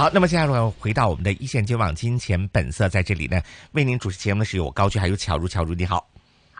好，那麼接下來回到我們的一線金往金錢本色，在這裏呢，為您主持節目的是有高軍，還有巧如，巧如，你好。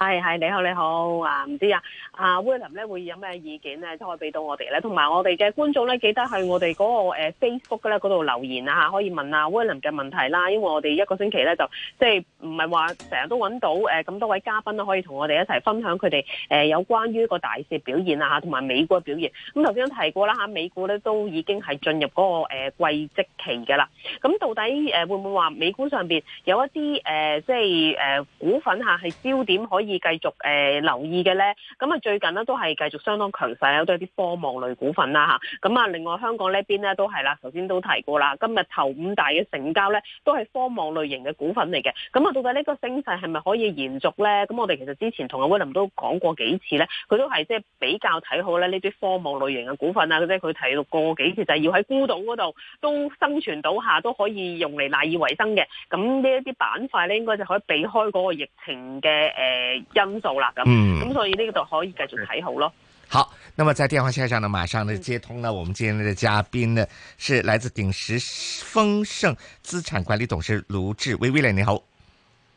係係，你好你好啊，唔知啊，阿 William 咧會有咩意見咧，都可以俾到我哋咧。同埋我哋嘅觀眾咧，記得去我哋嗰個 Facebook 咧嗰度留言啊，可以問下 William 嘅問題啦。因為我哋一個星期咧，就即係唔係話成日都揾到咁多位嘉賓啦，可以同我哋一齊分享佢哋誒有關於個大市表現啊，同埋美股嘅表現。咁頭先提過啦嚇，美股咧都已經係進入嗰個季績期嘅啦。咁到底誒會唔會話美股上面有一啲、呃、即係股份嚇係焦點可以以繼續，呃、留意嘅咧，咁啊最近咧都係繼續相當強勢啦，都有啲科網類股份啦嚇。咁啊，另外香港這呢一邊咧都係啦，頭先都提過啦，今日頭五大嘅成交咧都係科網類型嘅股份嚟嘅。咁啊，到底呢個升勢係咪可以延續咧？咁我哋其實之前同阿威林都講過幾次咧，佢都係即係比較睇好咧呢啲科網類型嘅股份啊，即係佢提到過幾次，就係要喺孤島嗰度都生存到下，都可以用嚟賴以為生嘅。咁呢一啲板塊咧，應該就可以避開嗰個疫情嘅誒，呃因素啦咁，咁、嗯、所以呢個就可以繼續睇好咯。好，那麼在電話線上呢，馬上呢接通呢，我們今天的嘉賓呢，嗯、是來自鼎石豐盛資產管理董事盧志威威。你好。係、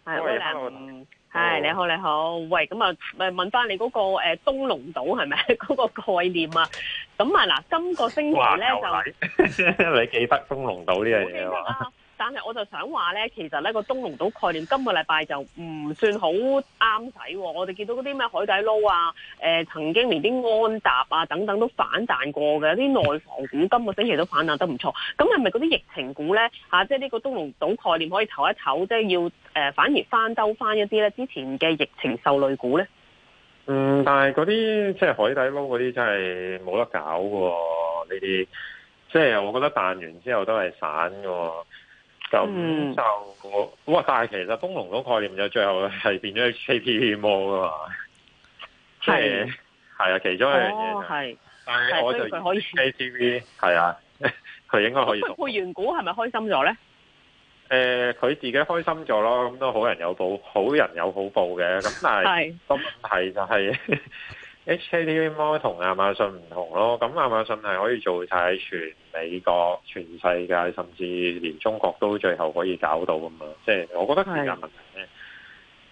哎，你好。係、哦哎、你好，你好。哦、喂，咁、嗯、啊，問翻你嗰、那個誒、呃、東龍島係咪嗰個概念啊？咁啊嗱，今、呃這個星期咧哇就 你記得東龍島呢樣嘢但係我就想話咧，其實咧、嗰個東龍島概念今個禮拜就唔算好啱使。我哋見到嗰啲咩海底撈啊，誒、呃，曾經連啲安踏啊等等都反彈過嘅，啲內房股今個星期都反彈得唔錯。咁係咪嗰啲疫情股咧？吓、啊，即係呢個東龍島概念可以唞一唞，即係要誒、呃，反而翻兜翻一啲咧之前嘅疫情受累股咧？嗯，但係嗰啲即係海底撈嗰啲真係冇得搞嘅呢啲，即係、就是、我覺得彈完之後都係散嘅、哦。咁就哇！但係其實豐隆嗰概念，又最後係變咗去 KTV 模噶嘛？即係係啊，其中一樣嘢係哦係，但係我就可以 KTV 係啊，佢應該可以。咁配完股係咪開心咗咧？誒，佢自己開心咗咯，咁都好人有報，好人有好報嘅。咁但係個問題就係。HKTVmall 同亞馬遜唔同咯，咁亞馬遜係可以做晒全美國、全世界，甚至連中國都最後可以搞到啊嘛！即係我覺得時間問題啫。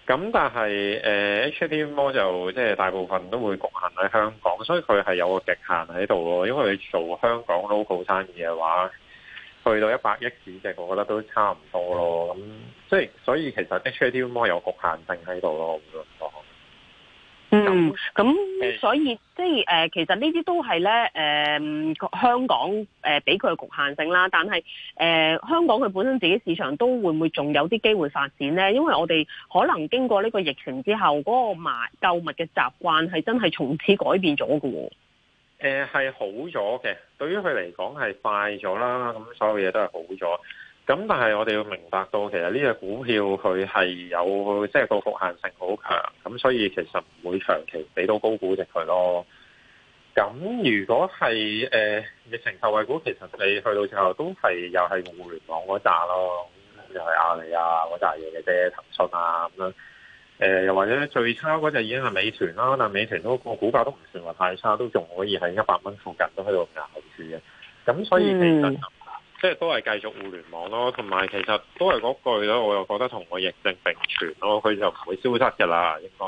咁是但係誒、呃、HKTVmall 就即係大部分都會局限喺香港，所以佢係有個極限喺度咯。因為你做香港 local 生意嘅話，去到一百億市值，我覺得都差唔多咯。咁即係所以其實 HKTVmall 有局限性喺度咯，我會嗯，咁所以即係誒，其實呢啲都係咧，誒，香港誒俾佢嘅局限性啦。但係誒、呃，香港佢本身自己市場都會唔會仲有啲機會發展咧？因為我哋可能經過呢個疫情之後，嗰、那個買購物嘅習慣係真係從此改變咗嘅。誒、呃，係好咗嘅，對於佢嚟講係快咗啦。咁所有嘢都係好咗。咁但係我哋要明白到，其實呢隻股票佢係有即係個局限性好強，咁所以其實唔會長期俾到高估值佢咯。咁如果係疫情受惠股，其實你去到之後都係又係互聯網嗰扎咯，又係阿里啊嗰扎嘢嘅啫，騰訊啊咁樣，呃。又或者最差嗰隻已經係美團啦，但美團都個股價都唔算話太差，都仲可以喺一百蚊附近都喺度捱住嘅。咁所以其實，嗯。即係都係繼續互聯網咯，同埋其實都係嗰句咯，我又覺得同個疫症並存咯，佢就唔會消失噶啦，應該。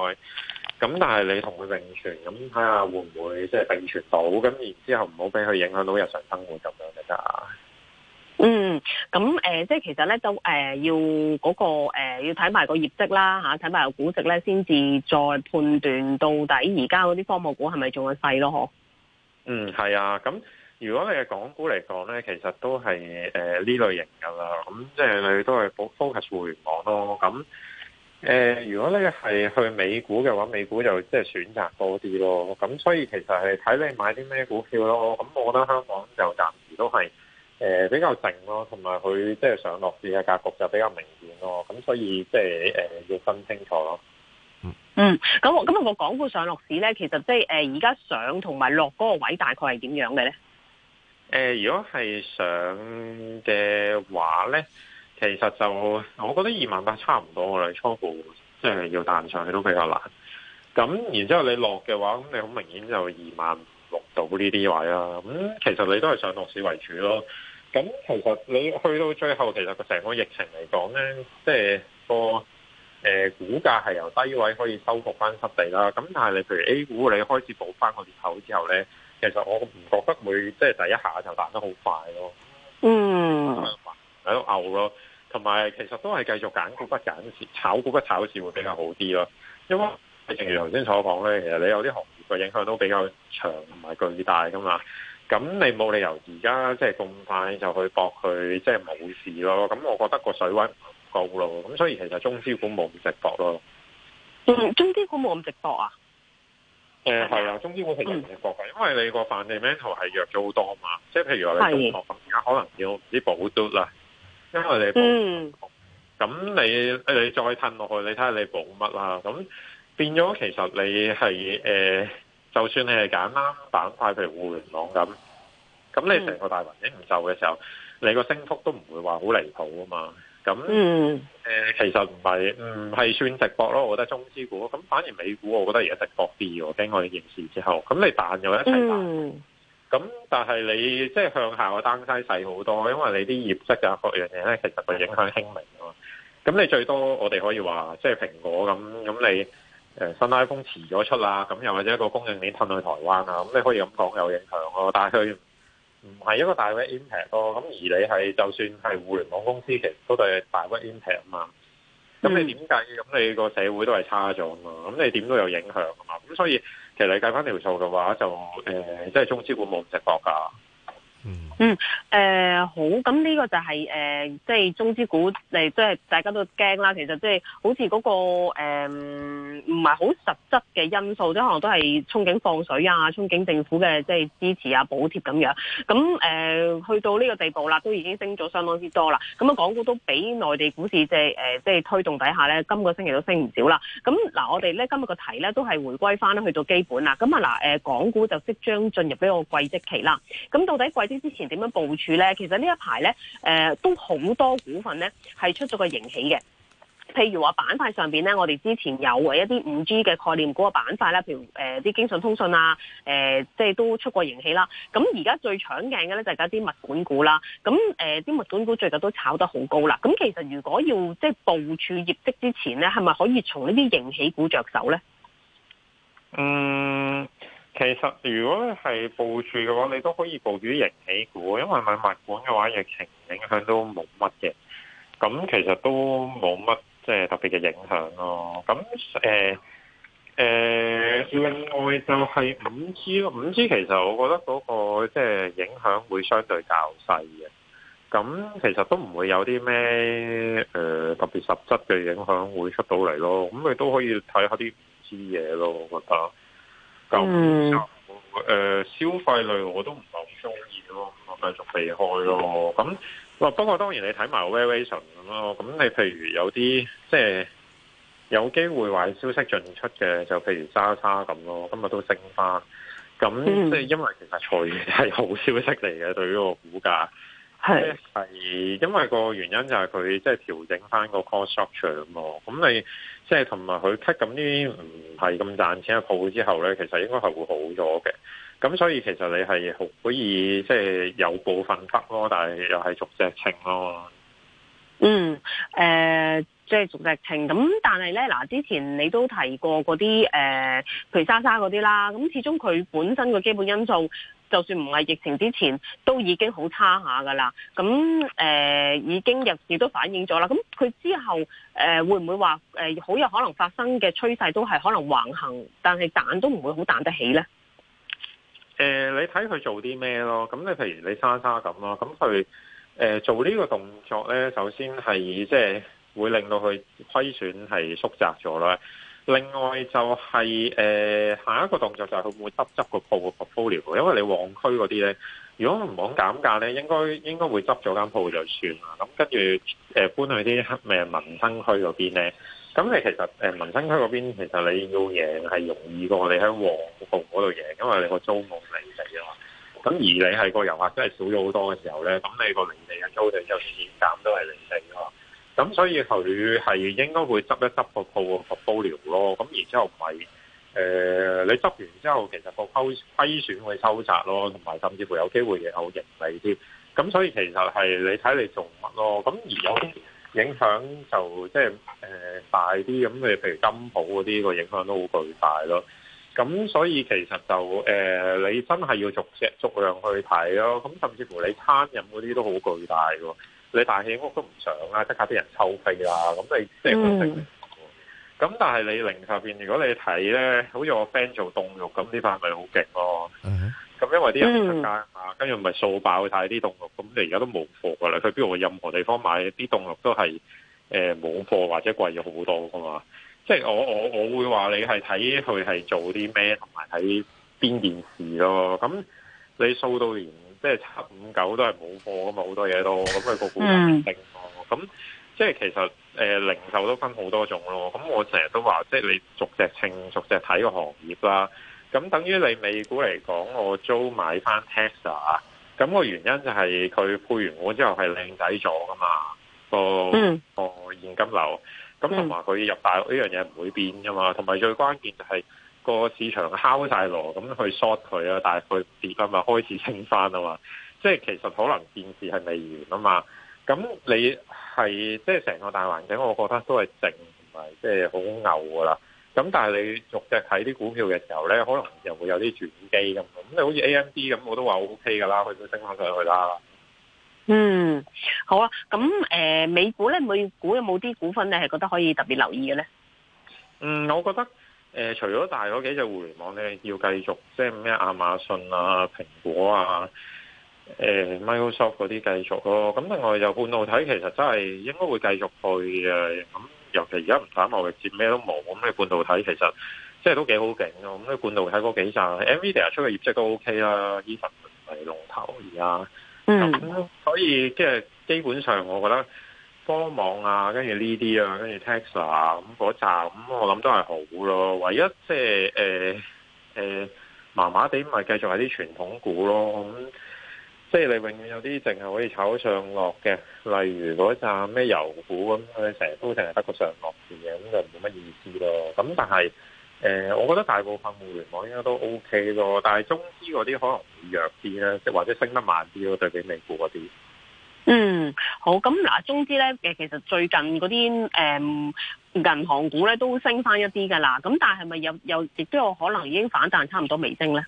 咁但係你同佢並存，咁睇下會唔會即係並存到？咁然後之後唔好俾佢影響到日常生活咁樣噶咋。嗯，咁誒、呃，即係其實咧都誒、呃、要嗰、那個誒、呃、要睇埋個業績啦吓，睇埋個估值咧，先至再判斷到底而家嗰啲科網股係咪仲係細咯？嗬。嗯，係啊，咁。如果你係港股嚟講咧，其實都係誒呢類型噶啦，咁即係你都係 focus 互聯網咯。咁誒、呃，如果你係去美股嘅話，美股就即係選擇多啲咯。咁所以其實係睇你買啲咩股票咯。咁我覺得香港就暫時都係誒、呃、比較靜咯，同埋佢即係上落市嘅格局就比較明顯咯。咁所以即係誒要分清楚咯。嗯，咁我今日個港股上落市咧，其實即係誒而家上同埋落嗰個位大概係點樣嘅咧？誒、呃，如果係上嘅話咧，其實就我覺得二萬八差唔多噶啦，你初步即係、就是、要彈上去都比較難。咁然之後你落嘅話，咁你好明顯就二萬六度呢啲位啦。咁其實你都係上落市為主咯。咁其實你去到最後，其實個成個疫情嚟講咧，即、就、係、是那個誒、呃、股價係由低位可以收復翻失地啦。咁但係你譬如 A 股，你開始補翻個缺口之後咧。其實我唔覺得會即係第一下就彈得好快咯，嗯，喺度嘔咯，同埋其實都係繼續揀股不揀市，炒股不炒市會比較好啲咯。因為正如頭先所講咧，其實你有啲行業嘅影響都比較長同埋巨大噶嘛，咁你冇理由而家即係咁快就去搏佢即係冇事咯。咁我覺得個水位不高咯，咁所以其實中資股冇咁值博咯。嗯，中資股冇咁值博啊？誒係啊，總之我係唔認可嘅，因為你個 fundamental 係弱咗好多嘛，即、就、係、是、譬如話你中國而家可能要啲補多啦，因為你咁、嗯、你你再褪落去，你睇下你補乜啦，咁變咗其實你係誒、呃，就算你係揀啱板塊，譬如互聯網咁，咁你成個大環境唔受嘅時候，你個升幅都唔會話好離譜啊嘛。咁、呃、其實唔係唔係算值博咯，我覺得中資股咁反而美股，我覺得而家值博啲喎，經過呢件事之後，咁你彈咗一齊彈，咁、嗯、但係你即係向下嘅單趨細好多，因為你啲業績啊各樣嘢咧，其實會影響輕微啊嘛。咁你最多我哋可以話，即係蘋果咁咁你、呃、新 iPhone 遲咗出啦，咁又或者一個供應鏈吞去台灣啊，咁你可以咁講，有影響咯，但係佢，唔係一個大 V impact 咯，咁而你係就算係互聯網公司，其實都係大 V impact 啊嘛。咁你點計？咁你個社會都係差咗啊嘛。咁你點都有影響啊嘛。咁所以其實你計翻條數嘅話，就即係、呃、中資股冇值博噶。嗯，誒、呃，好，咁呢個就係、是、誒，即、呃、係、就是、中資股，誒、呃，即、就、係、是、大家都驚啦。其實即係好似嗰、那個誒，唔係好實質嘅因素，即可能都係憧憬放水啊，憧憬政府嘅即係支持啊，補貼咁樣。咁誒、呃，去到呢個地步啦，都已經升咗相當之多啦。咁啊，港股都比內地股市即係誒，即、就、係、是呃就是、推動底下咧，今個星期都升唔少啦。咁嗱、呃，我哋咧今日個題咧都係回歸翻去到基本啦。咁啊嗱，誒、呃，港股就即將進入呢個季績期啦。咁到底季之前點樣部署咧？其實呢一排咧，誒都好多股份咧係出咗個盈喜嘅。譬如話板塊上邊咧，我哋之前有一啲五 G 嘅概念股嘅板塊啦，譬如誒啲京信通信啊，誒即係都出過盈喜啦。咁而家最搶鏡嘅咧就係嗰啲物管股啦。咁誒啲物管股最近都炒得好高啦。咁其實如果要即係部署業績之前咧，係咪可以從呢啲盈喜股着手咧？嗯。其實如果係部署嘅話，你都可以部署啲盈企股，因為買物管嘅話，疫情影響都冇乜嘅。咁其實都冇乜即係特別嘅影響咯。咁誒誒，另外就係五 G 咯。五 G 其實我覺得嗰、那個即係、就是、影響會相對較細嘅。咁其實都唔會有啲咩誒特別實質嘅影響會出到嚟咯。咁你都可以睇下啲五 G 嘢咯，我覺得。嗯，誒消費類我都唔係好中意咯，咁啊繼續避開咯。咁、嗯，哇不過當然你睇埋 valuation 咁咯。咁你譬如有啲即係有機會壞消息進出嘅，就譬如莎莎咁咯。今日都升翻，咁即係因為其實財源係好消息嚟嘅，對於個股價。係是，因為個原因就係佢即係調整翻個 cost structure 咁，你即係同埋佢 cut 咁啲唔係咁賺錢嘅鋪之後咧，其實應該係會好咗嘅。咁所以其實你係可以即係、就是、有部分 cut 咯，但係又係逐隻清咯。嗯，誒、呃，即係逐隻清。咁但係咧，嗱，之前你都提過嗰啲，誒、呃，譬如莎莎嗰啲啦。咁始終佢本身個基本因素。就算唔係疫情之前，都已經好差下噶啦。咁誒、呃、已經日子都反映咗啦。咁佢之後誒、呃、會唔會話誒好有可能發生嘅趨勢都係可能橫行，但係彈都唔會好彈得起咧。誒、呃，你睇佢做啲咩咯？咁你譬如你莎莎咁咯，咁佢誒做呢個動作咧，首先係即係會令到佢虧損係縮窄咗咯。另外就係、是、誒、呃、下一個動作就係會唔會執執個鋪個 portfolio？因為你旺區嗰啲咧，如果唔枉減價咧，應該應該會執咗間鋪就算啦。咁跟住誒搬去啲民生區嗰邊咧，咁你其實、呃、民生區嗰邊其實你要贏係容易過你喺旺鋪嗰度贏，因為你個租冇你地啊嘛。咁而你係個遊客真係少咗好多嘅時候咧，咁你個零地嘅租就自然減都係零地咁所以佢係應該會執一執個鋪個煲料咯，咁然之後咪，係、呃、你執完之後，其實個虧虧損會收窄咯，同埋甚至乎有機會亦有盈利添。咁所以其實係你睇你做乜咯。咁而有影響就即係誒大啲咁，你譬如金舖嗰啲個影響都好巨大咯。咁所以其實就誒、呃、你真係要逐隻逐量去睇咯。咁甚至乎你餐飲嗰啲都好巨大㗎。你大氣屋都唔想啦，得架啲人抽飛啦，咁你即係咁樣。咁、嗯、但係你零售邊？如果你睇咧，好似我 friend 做凍肉，咁呢塊咪好勁咯。咁、嗯、因為啲人出街啊，跟住咪掃爆曬啲凍肉，咁你而家都冇貨噶啦。佢邊度任何地方買啲凍肉都係誒冇貨或者貴咗好多噶嘛。即係我我我會話你係睇佢係做啲咩，同埋睇邊件事咯。咁你掃到年。即係七五九都係冇貨噶嘛，好多嘢都咁佢個股穩定咯。咁、mm. 即係其實誒、呃、零售都分好多種咯。咁我成日都話，即係你逐隻清、逐隻睇個行業啦。咁等於你美股嚟講，我租買翻 Tesla，咁個原因就係佢配完股之後係靚仔咗噶嘛個，嗰個現金流。咁同埋佢入大陸呢、mm. 樣嘢唔會變噶嘛。同埋最關鍵就係、係。個市場敲晒鑼咁去 short 佢啊，但係佢跌咁啊開始升翻啊嘛，即係其實可能件事係未完啊嘛。咁你係即係成個大環境，我覺得都係靜同埋即係好牛噶啦。咁但係你逐隻睇啲股票嘅時候咧，可能又會有啲轉機咁。咁你好似 AMD 咁，我都話 O K 噶啦，佢都升翻上去啦。嗯，好啊。咁誒，美股咧，美股有冇啲股份你係覺得可以特別留意嘅咧？嗯，我覺得。呃、除咗大嗰幾隻互聯網咧，要繼續即係咩亞馬遜啊、蘋果啊、呃、Microsoft 嗰啲繼續咯。咁、嗯、另外，就半導體其實真係應該會繼續去誒，咁、嗯、尤其而家唔打貿易戰咩都冇，咁、嗯、你半導體其實即係都幾好勁咁你半導體嗰幾隻，NVIDIA 出嘅業績都 OK 啦，Even 唔係龍頭而家。咁、mm. 啊嗯、所以即係基本上我覺得。科網啊，跟住呢啲啊，跟住 Tesla 啊，咁嗰扎咁，我諗都係好咯。唯一即係誒誒，麻麻地咪繼續係啲傳統股咯。咁、嗯、即係你永遠有啲淨係可以炒上落嘅，例如嗰扎咩油股咁，佢成日都淨係得個上落字嘅，咁就冇乜意思咯。咁但係誒、呃，我覺得大部分互聯網應該都 O、OK、K 咯。但係中資嗰啲可能會弱啲啦，即或者升得慢啲咯，對比美股嗰啲。嗯，好，咁嗱，總之咧，誒，其實最近嗰啲誒銀行股咧都升翻一啲噶啦，咁但係咪又又亦都有可能已經反彈差唔多微升咧？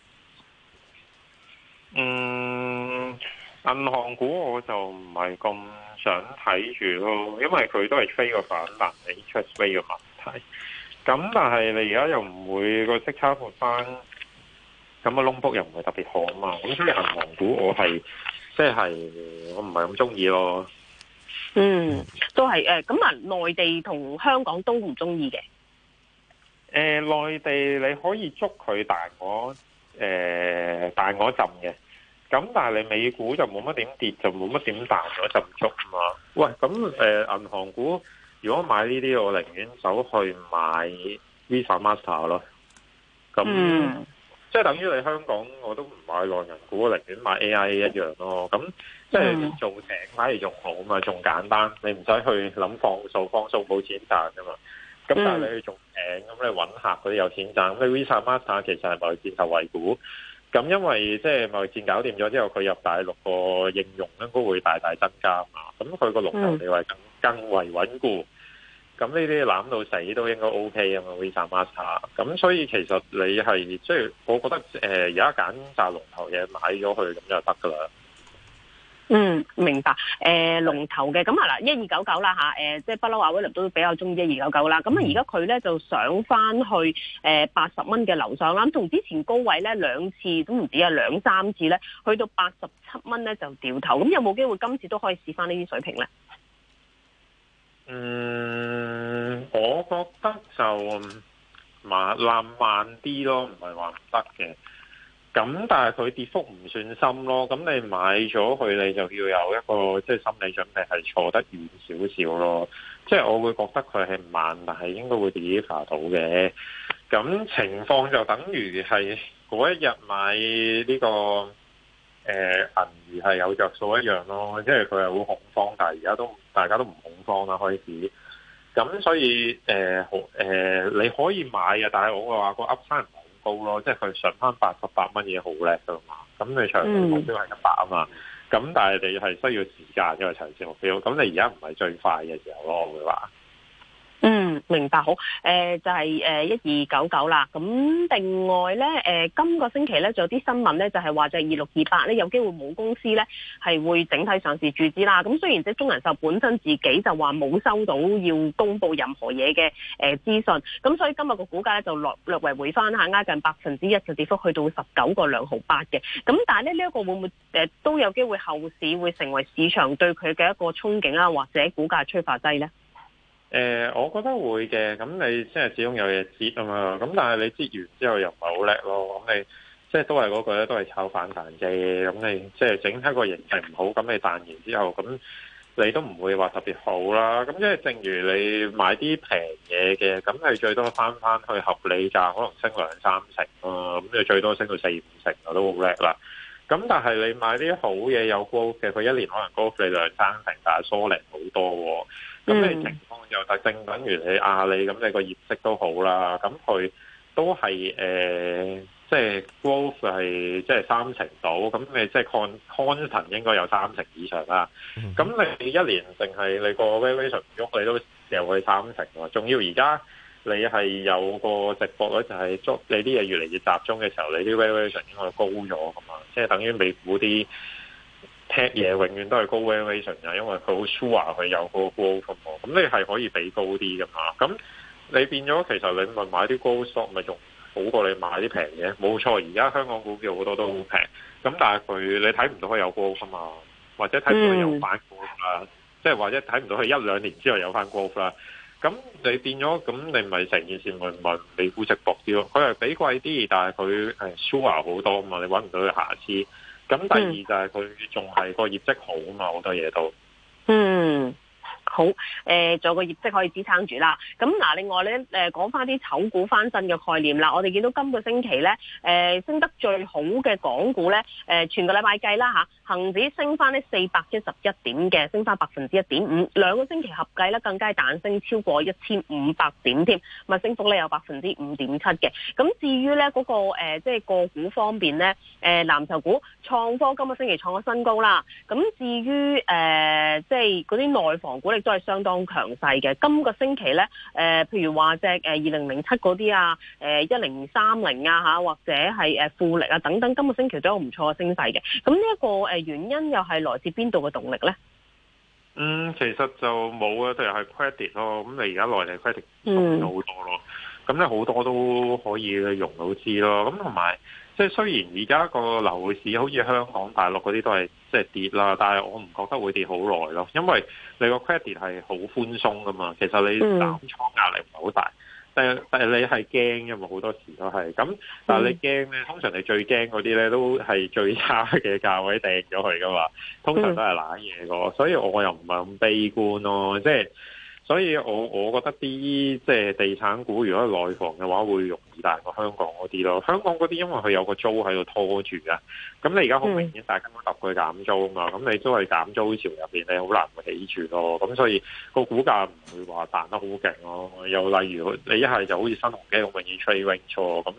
嗯，銀行股我就唔係咁想睇住咯，因為佢都係飛個反彈，你出飛個問題。咁但係你而家又唔會、那個息差撥翻，咁啊窿卜又唔係特別好啊嘛，咁所以銀行股我係。即係我唔係咁中意咯。嗯，都係誒，咁啊，內地同香港都唔中意嘅。誒、呃，內地你可以捉佢，呃、大但係我誒，但係我浸嘅。咁但係你美股就冇乜點跌，就冇乜點彈，我就唔捉嘛。喂，咁誒，銀行股如果買呢啲，我寧願走去買 Visa Master 咯。咁。嗯即係等於你香港我都唔買內銀股，我寧願買 AIA 一樣咯，哦。咁即係、mm. 做平反而仲好啊嘛，仲簡單，你唔使去諗放數，放數冇錢賺㗎嘛。咁但係你去做平，咁你搵客嗰啲有錢賺。咁 Visa Master 其實係貿易戰頭位股，咁因為即係貿易戰搞掂咗之後，佢入大陸個應用應該會大大增加嘛。咁佢個龍頭地位更為穩固。Mm. 咁呢啲攬到死都應該 O K 啊 v i s Master。咁所以其實你係，即係我覺得誒，而家揀紮龍頭嘢買咗去，咁就得噶啦。嗯，明白。呃、龍頭嘅咁啊嗱，一二九九啦吓，即係不嬲阿威 i 都比較中意一二九九啦。咁啊而家佢咧就上翻去八十蚊嘅樓上啦。咁同之前高位咧兩次都唔止啊兩三次咧，去到八十七蚊咧就掉頭。咁有冇機會今次都可以試翻呢啲水平咧？嗯，我覺得就慢慢慢啲咯，唔係話唔得嘅。咁但係佢跌幅唔算深咯，咁你買咗佢，你就要有一個即係、就是、心理準備，係坐得遠少少咯。即係我會覺得佢係慢，但係應該會跌翻到嘅。咁情況就等於係嗰一日買呢、這個誒銀娛係有着數一樣咯，即係佢係好恐慌，但係而家都。大家都唔恐慌啦，開始咁，所以誒，好、呃、誒、呃，你可以買啊，但係我會話個 up 翻唔係好高咯，即係佢上翻八十八蚊嘢好叻㗎嘛，咁你長線目標係一百啊嘛，咁但係你係需要時間，因為長線目標，咁你而家唔係最快嘅時候咯，我會話。嗯，明白好。誒、呃、就係誒一二九九啦。咁、呃嗯、另外咧，誒、呃、今個星期咧，仲有啲新聞咧，就係、是、話就係二六二八咧，有機會冇公司咧係會整體上市注資啦。咁、嗯、雖然即係中人壽本身自己就話冇收到要公布任何嘢嘅誒資訊，咁、嗯、所以今日個股價咧就略略為回翻下，挨近百分之一就跌幅，去到十九個兩毫八嘅。咁、嗯、但係咧，呢、這、一個會唔會、呃、都有機會後市會成為市場對佢嘅一個憧憬啦、啊，或者股價催化劑呢？誒、呃，我覺得會嘅，咁你即係始終有嘢擠啊嘛，咁但係你折完之後又唔係好叻咯，咁你即係都係嗰句咧，都係炒反彈嘅，咁你即係整體個形勢唔好，咁你彈完之後，咁你都唔會話特別好啦。咁即係正如你買啲平嘢嘅，咁你最多翻翻去合理價，可能升兩三成咯，咁你最多升到四五成，啊都好叻啦。咁但係你買啲好嘢有高嘅，佢一年可能高你兩三成，但係收零好多。咁你、嗯、情況又特正，等如你阿里，咁你個業績好都好啦，咁佢都係即係 growth 係即係三成到，咁你即係 con c o n t e n t 應該有三成以上啦。咁、嗯、你一年淨係你個 v a r i a t i o n 唔喐，你都掉去三成喎。仲要而家你係有個直播咧、就是，就係捉你啲嘢越嚟越集中嘅時候，你啲 v a r i a t i o n 應該高咗噶嘛，即、就、係、是、等於美股啲。踢嘢、嗯、永遠都係高 valuation 啊，因為佢好 sure 佢有個 growth 喎，咁你係可以比高啲噶嘛？咁你變咗其實你咪買啲 growth 咪仲好過你買啲平嘅？冇錯。而家香港股票好多都好平，咁但係佢你睇唔到佢有 growth 啊，或者睇唔到佢有翻 growth 啦，即係、嗯、或者睇唔到佢一兩年之後有翻 growth 啦。咁你變咗咁，你咪成件事咪咪理估值薄啲咯？佢係比貴啲，但係佢誒 sure 好多啊嘛，你揾唔到佢瑕疵。咁第二就係佢仲係個業績好啊嘛，好多嘢都。嗯好誒，仲、呃、有個業績可以支撐住啦。咁嗱、啊，另外咧，誒講翻啲醜股翻身嘅概念啦。我哋見到今個星期咧，誒、呃、升得最好嘅港股咧，誒、呃、全個禮拜計啦吓，恒、啊、指升翻呢四百一十一點嘅，升翻百分之一點五，兩個星期合計咧更加係彈升超過一千五百點添，咁升幅咧有百分之五點七嘅。咁至於咧嗰個誒即係個股方面咧，誒、呃、藍籌股、創科今個星期創咗新高啦。咁至於誒即係嗰啲內房股呢。都係相當強勢嘅。今個星期咧，誒、呃，譬如話隻誒二零零七嗰啲啊，誒一零三零啊嚇，或者係誒富力啊等等，今個星期都有唔錯嘅升勢嘅。咁呢一個誒原因又係來自邊度嘅動力咧？嗯，其實就冇啊，就係 credit 咯。咁你而家內地 credit 嗯，好多咯。咁咧好多都可以融到資咯，咁同埋即係雖然而家個樓市好似香港、大陸嗰啲都係即係跌啦，但係我唔覺得會跌好耐咯，因為你個 credit 係好寬鬆噶嘛，其實你斬倉壓力唔係好大，嗯、但係你係驚嘛。好多時都係咁，但係你驚咧，嗯、通常你最驚嗰啲咧都係最差嘅價位掟咗去噶嘛，通常都係攬嘢個，嗯、所以我又唔係咁悲觀咯，即所以我我覺得啲即係地產股，如果內房嘅話，會容易彈過香港嗰啲咯。香港嗰啲因為佢有個租喺度拖住㗎，咁你而家好明顯，大家都落去減租啊嘛，咁你都係減租潮入面，你好難會起住咯。咁所以個股價唔會話彈得好勁咯。又例如你一係就好似新鴻基，永遠 trading 錯，咁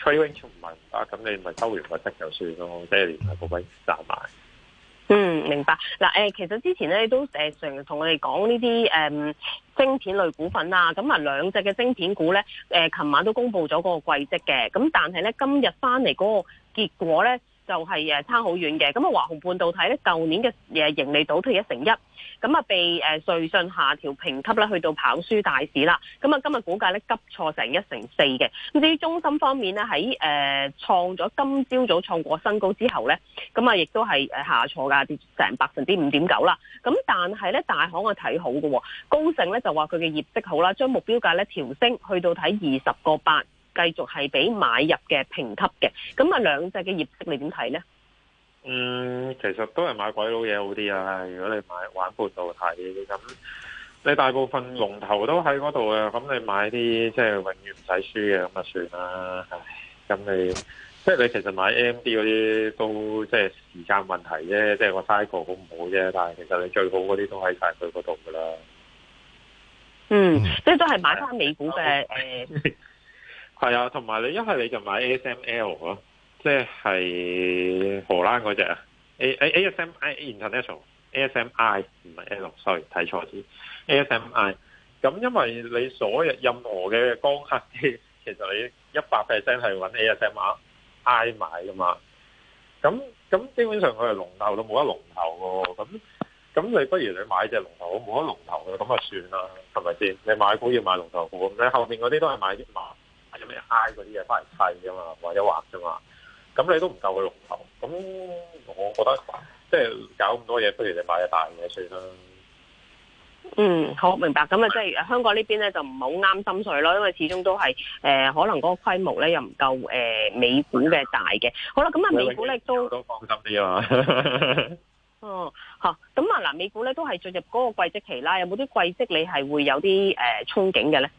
trading 唔係唔得，咁你咪收完個息就算咯，即係連埋個位賺埋。嗯，明白嗱，誒，其實之前咧都誒經常同我哋講呢啲誒晶片類股份啊，咁啊兩隻嘅晶片股咧，誒、呃，琴晚都公布咗個季績嘅，咁但係咧今日翻嚟嗰個結果咧。就係誒差好遠嘅，咁啊華虹半導體咧，舊年嘅盈利倒退一成一，咁啊被誒瑞信下調評級咧，去到跑輸大市啦。咁啊今日股價咧急挫成一成四嘅。咁至於中芯方面咧，喺誒創咗今朝早創過新高之後咧，咁啊亦都係下挫㗎，跌成百分之五點九啦。咁但係咧大行我睇好嘅，高盛咧就話佢嘅業績好啦，將目標價咧調升去到睇二十個八。繼續係俾買入嘅評級嘅，咁啊兩隻嘅業績你點睇呢？嗯，其實都係買鬼佬嘢好啲啊！如果你買玩半導體，咁你大部分龍頭都喺嗰度啊，咁你買啲、就是、即係永遠唔使輸嘅咁啊算啦。咁你即係你其實買 A M D 嗰啲都即係時間問題啫，即個係個 cycle 好唔好啫。但係其實你最好嗰啲都喺晒佢嗰度噶啦。嗯，嗯即係都係買翻美股嘅 係啊，同埋你一係你就買 ASML 咯，啊，即係荷蘭嗰隻啊，A, A ASMI International ASMI 唔係 L，sorry 睇錯啲 ASMI。咁 AS 因為你所有任何嘅光刻機，其實你一百 percent 係揾 ASMI 買噶嘛。咁咁基本上佢係龍頭都冇得龍頭噶。咁咁你不如你買隻龍頭，冇得龍頭嘅咁啊算啦，係咪先？你買股要買龍頭股，你後面嗰啲都係買啲馬。有咩 I 嗰啲嘢翻嚟批啫嘛，或者劃啫嘛，咁你都唔夠個龍頭，咁我覺得即係搞咁多嘢，不如你買一大嘅算啦。嗯，好明白，咁啊，即係香港這邊呢邊咧就唔係好啱心水咯，因為始終都係誒、呃、可能嗰個規模咧又唔夠誒、呃、美股嘅大嘅。好啦，咁、嗯、啊、呃呃、美股咧、啊、都都放心啲、 嗯、啊。哦，嚇，咁啊嗱，美股咧都係進入嗰個季績期啦，有冇啲季績你係會有啲誒、呃、憧憬嘅咧？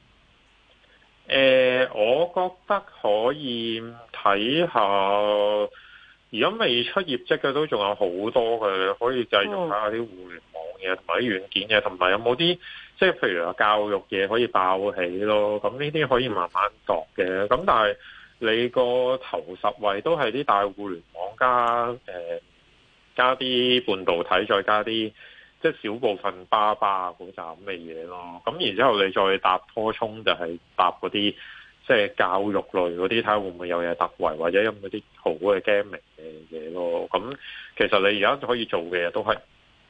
誒、呃，我覺得可以睇下，而家未出業績嘅都仲有好多嘅，可以繼續睇下啲互聯網嘅，同埋啲軟件嘅，同埋有冇啲即係譬如話教育嘢可以爆起咯。咁呢啲可以慢慢度嘅。咁但係你個頭十位都係啲大互聯網加誒，加啲半導體再加啲。即係少部分巴巴嗰隻咁嘅嘢咯，咁然之後你再搭拖衝就係搭嗰啲即係教育類嗰啲，睇下會唔會有嘢突圍，或者有冇啲好嘅 gaming 嘅嘢咯。咁其實你而家可以做嘅嘢都係呢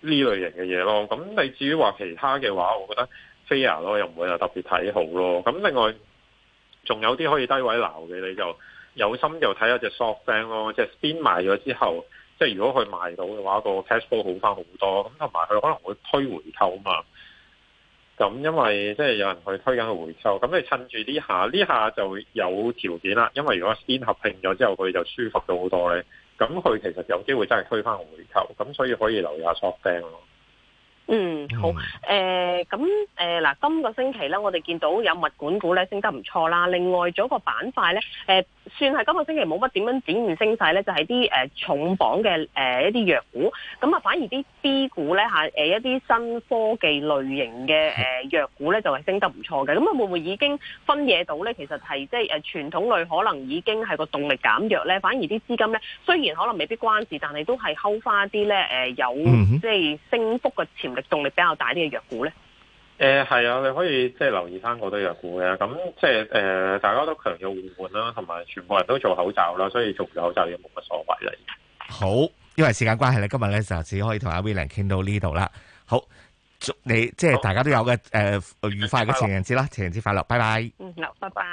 類型嘅嘢咯。咁你至於話其他嘅話，我覺得 fair 咯，又唔會話特別睇好咯。咁另外仲有啲可以低位鬧嘅，你就有心就睇下隻 softbank 咯，即係 spin 埋咗之後。即係如果佢賣到嘅話，個 cash flow 好翻好多，咁同埋佢可能會推回購啊嘛。咁因為即係有人去推緊個回購，咁你趁住呢下，呢下就有條件啦。因為如果先合併咗之後，佢就舒服咗好多咧。咁佢其實有機會真係推翻個回購，咁所以可以留意下 shorting 嗯，好，誒、呃，咁、呃，誒、呃，嗱、呃呃，今個星期咧，我哋見到有物管股咧升得唔錯啦。另外，咗個板塊咧，誒、呃，算係今個星期冇乜點樣展現升勢咧，就係啲誒重磅嘅誒、呃、一啲藥股。咁、呃、啊，反而啲 B 股咧、呃、一啲新科技類型嘅誒藥股咧，就係、是、升得唔錯嘅。咁啊，會唔會已經分野到咧？其實係即係誒傳統類可能已經係個動力減弱咧，反而啲資金咧雖然可能未必關事，但係都係拋返啲咧誒有即係升幅嘅潛力動力比較大啲嘅藥股咧，誒係、呃、啊，你可以即係留意翻嗰啲藥股嘅，咁、嗯、即係誒、呃，大家都強弱互換啦，同埋全部人都做口罩啦，所以做唔到口罩又冇乜所謂啦。好，因為時間關係咧，今日咧就只可以同阿威傾到呢度啦。好，祝就你即係大家都有嘅誒好、呃、愉快嘅情人節啦，落情人節快樂，拜拜。嗯，拜、no, 拜。